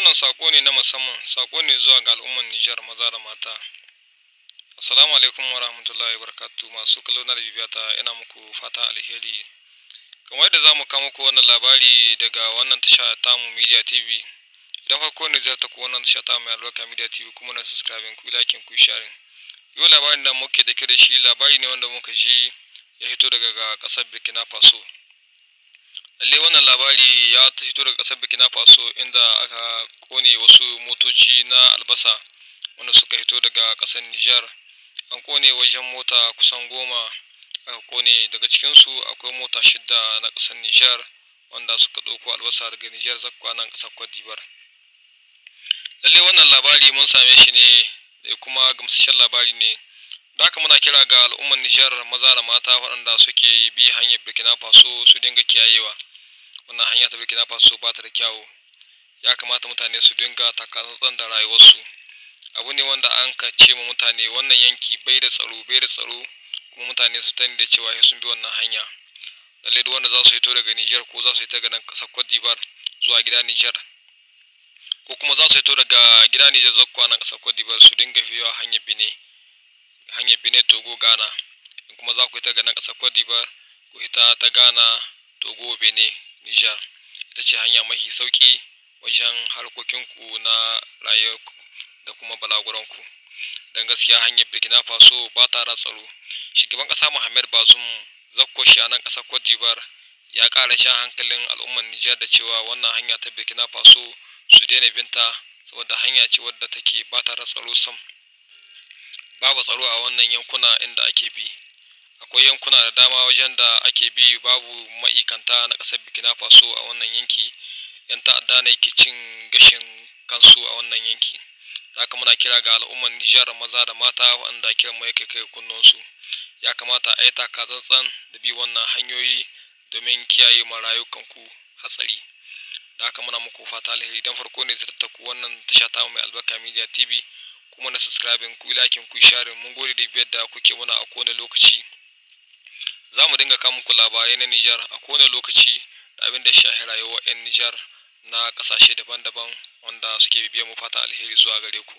Wannan saƙo ne na musamman, saƙo ne zuwa ga al'umman Nijar maza da mata. Assalamu alaikum wa rahmatullahi wa barakatu masu kallo na bibiyata ina muku fata alheri. Kamar yadda za mu kawo muku wannan labari daga wannan tasha mu Media TV. Idan farko ne zai ku wannan tasha ta mai albarka Media TV kuma na subscribe ku liking ku share Yau labarin da muke da da shi labari ne wanda muka ji ya hito daga ƙasar Burkina Faso. lalle wannan labari ya ta fito daga kasar bikina faso inda aka kone wasu motoci na albasa wanda suka fito daga kasar niger an kone wajen mota kusan goma aka kone daga cikinsu akwai mota shida na kasar niger wanda suka ɗauko albasa daga niger zakwa nan kasar kwadibar lalle wannan labari mun same shi ne da kuma gamsashen labari ne da haka muna kira ga al'ummar nijar maza da mata waɗanda suke bi hanyar burkina faso su dinga kiyayewa wannan hanya ta burkina faso ba ta da kyawu ya kamata mutane su dinga takatsantsan da rayuwarsu abu ne wanda an ka ce ma mutane wannan yanki bai da tsaro bai da tsaro kuma mutane su tani da cewa sun bi wannan hanya lallai duk wanda za su hito daga Nijar ko za su hito daga nan ƙasar Cote d'Ivoire zuwa gida Nijar ko kuma za su hito daga gida Nijar zuwa kwanan ƙasar Cote d'Ivoire su dinga a hanyar bine hanyar bine Togo Ghana kuma za ku hita ga nan ƙasar Cote d'Ivoire ku hita ta Ghana Togo bene. Nijar ita ce hanya mafi sauƙi wajen harkokinku na rayuwarku da kuma balaguranku. Don gaskiya hanyar Burkina Faso ba ta da tsaro. Shugaban ƙasa muhammad Bazoum zakko shi a nan ƙasar Cote d'Ivoire ya ƙara shan hankalin al'ummar Nijar da cewa wannan hanya ta Burkina Faso su daina binta saboda hanya ce wadda take ba ta da tsaro sam. Babu tsaro a wannan yankuna inda ake bi. akwai yankuna da dama wajen da ake bi babu ma'ikanta na ƙasar bikina faso a wannan yanki yan ta'adda ne ke cin gashin kansu a wannan yanki haka muna kira ga al'ummar nijar maza da mata waɗanda kiran kira yake kai kunnonsu ya kamata a yi taka tsantsan da bi wannan hanyoyi domin kiyaye ma rayukanku hatsari da haka muna muku fata alheri don farko ne zata ku wannan tasha ta mai albarka media tv kuma na subscribing ku lakin ku share mun gode da biyar da kuke muna a kowane lokaci za mu dinga kawo muku labarai na Nijar a kowane lokaci da abin da shahi rayuwar 'yan Nijar na ƙasashe daban-daban wanda suke bibiyar mu fata alheri zuwa gare ku.